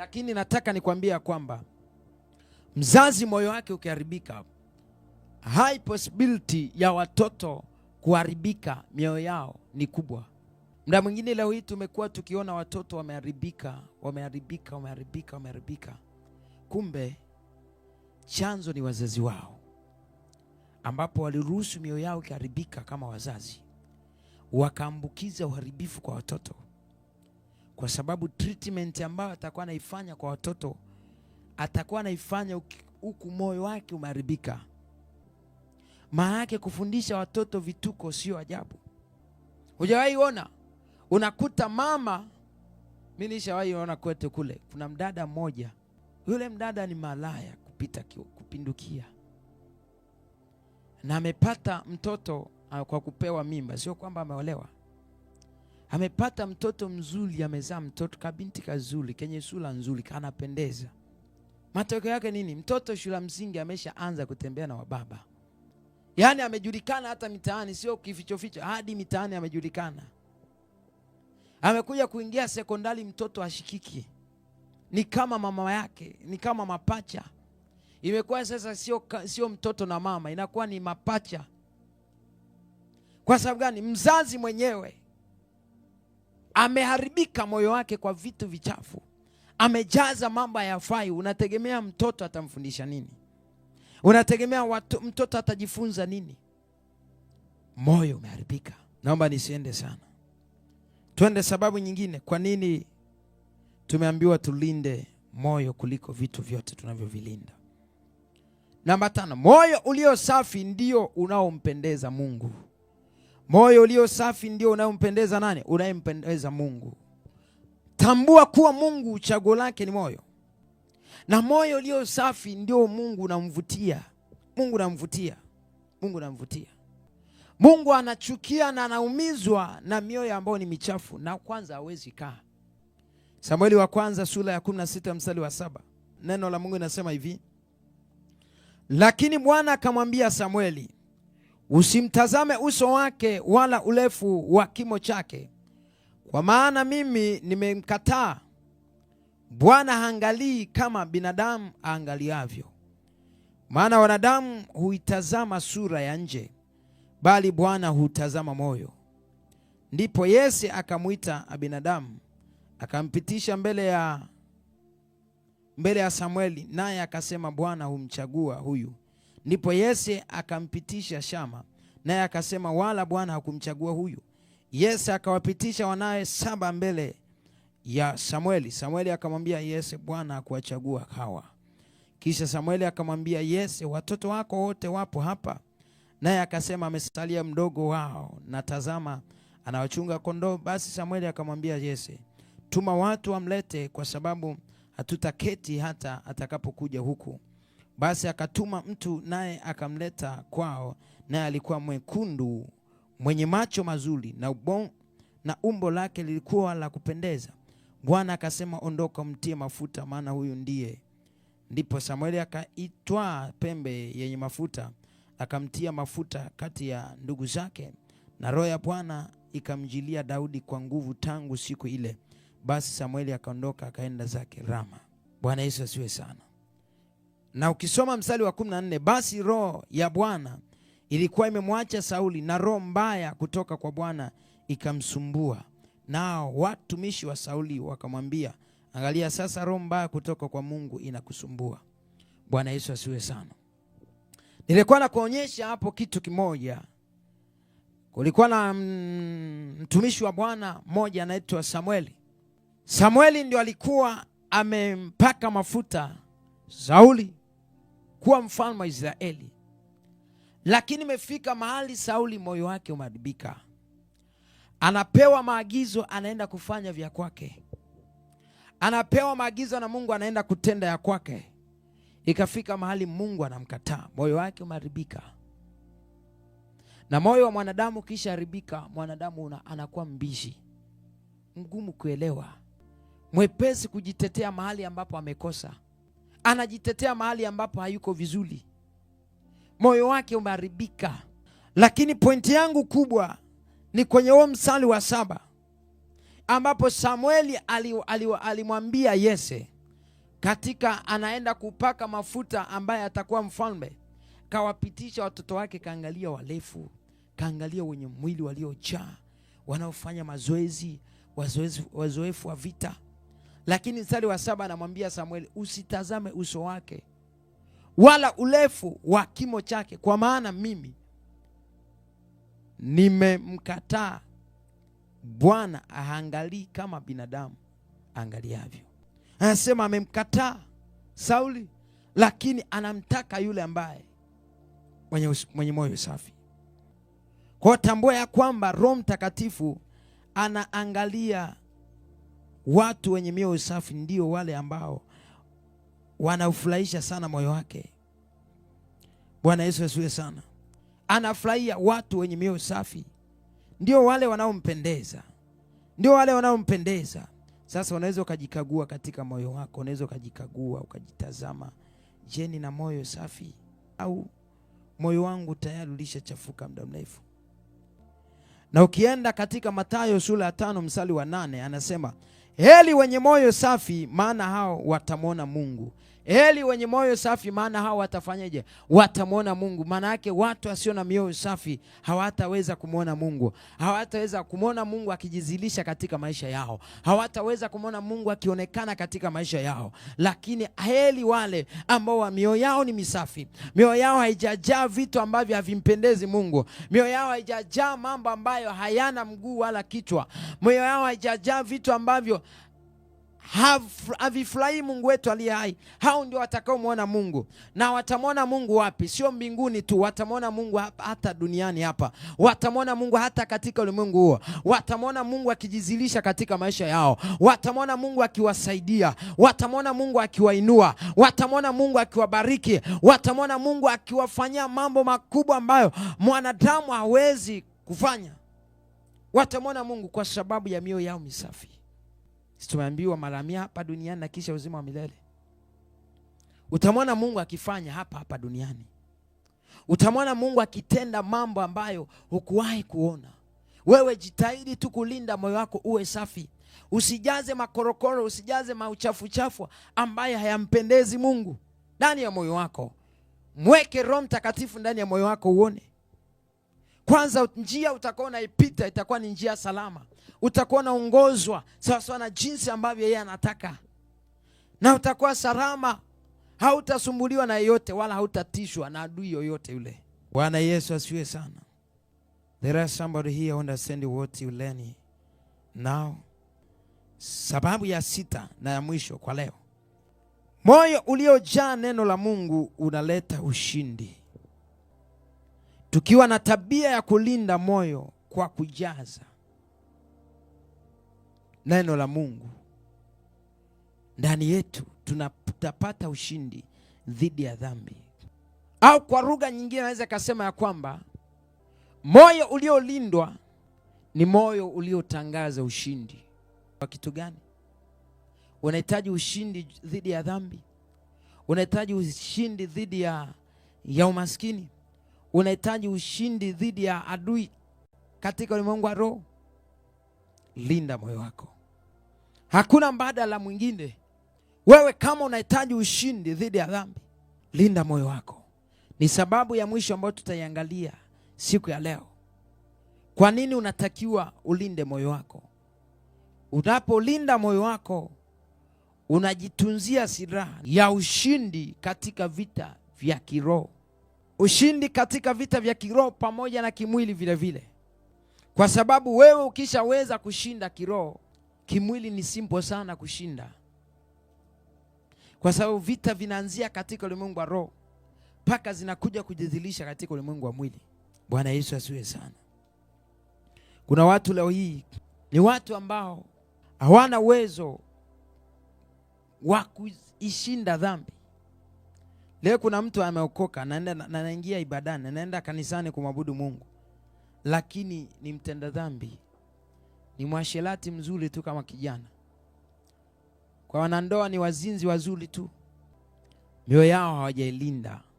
Lakini nataka nikwambia kwamba mzazi moyo wake ukiharibika, high possibility ya watoto kuharibika mioyo yao ni kubwa. Mda mwingine leo hii tumekuwa tukiona watoto wameharibika, wameharibika, wameharibika, wameharibika. Kumbe chanzo ni wazazi wao, ambapo waliruhusu mioyo yao ikiharibika kama wazazi, wakaambukiza uharibifu kwa watoto kwa sababu treatment ambayo atakuwa anaifanya kwa watoto atakuwa anaifanya huku moyo wake umeharibika. Maana yake kufundisha watoto vituko sio ajabu. Hujawahi ona, unakuta mama, mi nishawahi ona kwetu kule, kuna mdada mmoja, yule mdada ni malaya kupita kupindukia, na amepata mtoto ah, kwa kupewa mimba, sio kwamba ameolewa amepata mtoto mzuri, amezaa mtoto kabinti kazuri kenye sura nzuri, kanapendeza. Matokeo yake nini? Mtoto shule msingi ameshaanza kutembea na wababa, yaani amejulikana hata mitaani, sio kifichoficho, hadi mitaani amejulikana. Amekuja kuingia sekondari, mtoto ashikiki, ni kama mama yake, ni kama mapacha. Imekuwa sasa sio, sio mtoto na mama, inakuwa ni mapacha. Kwa sababu gani? Mzazi mwenyewe ameharibika moyo wake kwa vitu vichafu, amejaza mambo hayafai. Unategemea mtoto atamfundisha nini? Unategemea watu, mtoto atajifunza nini? Moyo umeharibika. Naomba nisiende sana, twende sababu nyingine, kwa nini tumeambiwa tulinde moyo kuliko vitu vyote tunavyovilinda. Namba tano, moyo ulio safi ndio unaompendeza Mungu. Moyo ulio safi ndio unayompendeza nani? Unayempendeza Mungu. Tambua kuwa Mungu chaguo lake ni moyo, na moyo ulio safi ndio Mungu unamvutia. Mungu unamvutia, Mungu unamvutia. Mungu anachukia na anaumizwa na mioyo ambayo ni michafu, na kwanza hawezi kaa. Samueli wa kwanza sura ya 16 mstari wa saba, neno la Mungu linasema hivi: lakini Bwana akamwambia Samueli Usimtazame uso wake wala urefu wa kimo chake, kwa maana mimi nimemkataa. Bwana haangalii kama binadamu aangaliavyo, maana wanadamu huitazama sura ya nje, bali Bwana hutazama moyo. Ndipo Yese akamwita Abinadamu akampitisha mbele ya, mbele ya Samueli, naye akasema, Bwana humchagua huyu Ndipo Yese akampitisha Shama, naye akasema wala Bwana hakumchagua huyu. Yese akawapitisha wanawe saba mbele ya Samueli. Samueli akamwambia Yese, Bwana hakuwachagua hawa. Kisha Samueli akamwambia Yese, watoto wako wote wapo hapa. Naye akasema amesalia mdogo wao, na tazama, anawachunga kondoo. Basi Samueli akamwambia Yese, tuma watu wamlete, kwa sababu hatutaketi hata atakapokuja huku. Basi akatuma mtu naye akamleta kwao, naye alikuwa mwekundu mwenye macho mazuri na, na umbo lake lilikuwa la kupendeza. Bwana akasema, ondoka, mtie mafuta, maana huyu ndiye. Ndipo Samueli akaitwaa pembe yenye mafuta akamtia mafuta kati ya ndugu zake, na roho ya Bwana ikamjilia Daudi kwa nguvu tangu siku ile. Basi Samueli akaondoka akaenda zake Rama. Bwana Yesu asiwe sana na ukisoma mstari wa 14, basi roho ya Bwana ilikuwa imemwacha Sauli, na roho mbaya kutoka kwa Bwana ikamsumbua. Nao watumishi wa Sauli wakamwambia, angalia sasa, roho mbaya kutoka kwa Mungu inakusumbua. Bwana Yesu asiwe sana. Nilikuwa na kuonyesha hapo kitu kimoja. Kulikuwa na mtumishi wa Bwana mmoja anaitwa Samueli. Samueli ndio alikuwa amempaka mafuta Sauli kuwa mfalme wa Israeli. Lakini imefika mahali Sauli moyo wake umeharibika, anapewa maagizo, anaenda kufanya vya kwake, anapewa maagizo na Mungu, anaenda kutenda ya kwake. Ikafika mahali Mungu anamkataa, moyo wake umeharibika. Na moyo wa mwanadamu kisha haribika, mwanadamu una, anakuwa mbishi, mgumu kuelewa, mwepesi kujitetea mahali ambapo amekosa anajitetea mahali ambapo hayuko vizuri, moyo wake umeharibika. Lakini pointi yangu kubwa ni kwenye huo mstari wa saba ambapo Samueli alimwambia Yese katika anaenda kupaka mafuta ambaye atakuwa mfalme, kawapitisha watoto wake, kaangalia warefu, kaangalia wenye mwili waliojaa, wanaofanya mazoezi, wazoefu wa vita lakini mstari wa saba anamwambia Samueli, usitazame uso wake wala urefu wa kimo chake, kwa maana mimi nimemkataa. Bwana aangalii kama binadamu angaliavyo. Anasema amemkataa Sauli, lakini anamtaka yule ambaye mwenye, mwenye moyo safi. Kwa tambua ya kwamba Roho Mtakatifu anaangalia Watu wenye mioyo safi ndio wale ambao wanaufurahisha sana moyo wake. Bwana Yesu asiwe sana, anafurahia watu wenye mioyo safi, ndio wale wanaompendeza, ndio wale wanaompendeza. Sasa unaweza ukajikagua katika moyo wako, unaweza ukajikagua ukajitazama, je, na moyo safi au moyo wangu tayari ulishachafuka muda mrefu? Na ukienda katika Mathayo sura ya tano mstari wa nane anasema Heri wenye moyo safi, maana hao watamwona Mungu. Heli wenye moyo safi, maana hao watafanyaje? Watamwona Mungu. Maana yake watu wasio na mioyo safi hawataweza kumwona Mungu, hawataweza kumwona Mungu akijizilisha katika maisha yao, hawataweza kumwona Mungu akionekana katika maisha yao. Lakini heli wale ambao mioyo yao ni misafi, mioyo yao haijajaa vitu ambavyo havimpendezi Mungu, mioyo yao haijajaa mambo ambayo hayana mguu wala kichwa, mioyo yao haijajaa vitu ambavyo havifurahi Mungu wetu aliye hai. Hao ndio watakaomwona Mungu, na watamwona Mungu wapi? Sio mbinguni tu, watamwona Mungu hapa, hata duniani hapa, watamwona Mungu hata katika ulimwengu huo, watamwona Mungu akijizilisha katika maisha yao, watamwona Mungu akiwasaidia, watamwona Mungu akiwainua, watamwona Mungu akiwabariki, watamwona Mungu akiwafanyia mambo makubwa ambayo mwanadamu hawezi kufanya. Watamwona Mungu kwa sababu ya mioyo yao misafi. Si tumeambiwa mara mia hapa duniani na kisha uzima wa milele. Utamwona Mungu akifanya hapa hapa duniani. Utamwona Mungu akitenda mambo ambayo hukuwahi kuona. Wewe jitahidi tu kulinda moyo wako uwe safi, usijaze makorokoro, usijaze mauchafuchafu ambayo hayampendezi Mungu ndani ya moyo wako. Mweke Roho Mtakatifu ndani ya moyo wako uone. Kwanza njia utakuwa unaipita itakuwa ni njia salama, utakuwa unaongozwa sawasawa na jinsi ambavyo yeye anataka, na utakuwa salama, hautasumbuliwa na yeyote wala hautatishwa na adui yoyote yule. Bwana Yesu asiwe sana. There are somebody here understand what you learn now. Sababu ya sita na ya mwisho kwa leo, moyo uliojaa neno la Mungu unaleta ushindi tukiwa na tabia ya kulinda moyo kwa kujaza neno la Mungu ndani yetu, tunapata ushindi dhidi ya dhambi. Au kwa lugha nyingine, naweza ikasema ya kwamba moyo uliolindwa ni moyo uliotangaza ushindi. Kwa kitu gani? Unahitaji ushindi dhidi ya dhambi, unahitaji ushindi dhidi ya, ya umaskini Unahitaji ushindi dhidi ya adui katika ulimwengu wa roho. Linda moyo wako, hakuna mbadala mwingine. Wewe kama unahitaji ushindi dhidi ya dhambi, linda moyo wako. Ni sababu ya mwisho ambayo tutaiangalia siku ya leo. Kwa nini unatakiwa ulinde moyo wako? Unapolinda moyo wako, unajitunzia silaha ya ushindi katika vita vya kiroho ushindi katika vita vya kiroho pamoja na kimwili vilevile vile. Kwa sababu wewe ukishaweza kushinda kiroho, kimwili ni simpo sana kushinda, kwa sababu vita vinaanzia katika ulimwengu wa roho mpaka zinakuja kujidhilisha katika ulimwengu wa mwili. Bwana Yesu asiwe sana. Kuna watu leo hii ni watu ambao hawana uwezo wa kuishinda dhambi Leo kuna mtu ameokoka na anaingia ibadani, anaenda kanisani kumwabudu Mungu, lakini ni mtenda dhambi, ni mwasherati mzuri tu kama kijana. Kwa wanandoa ni wazinzi wazuri tu, mioyo yao hawajailinda.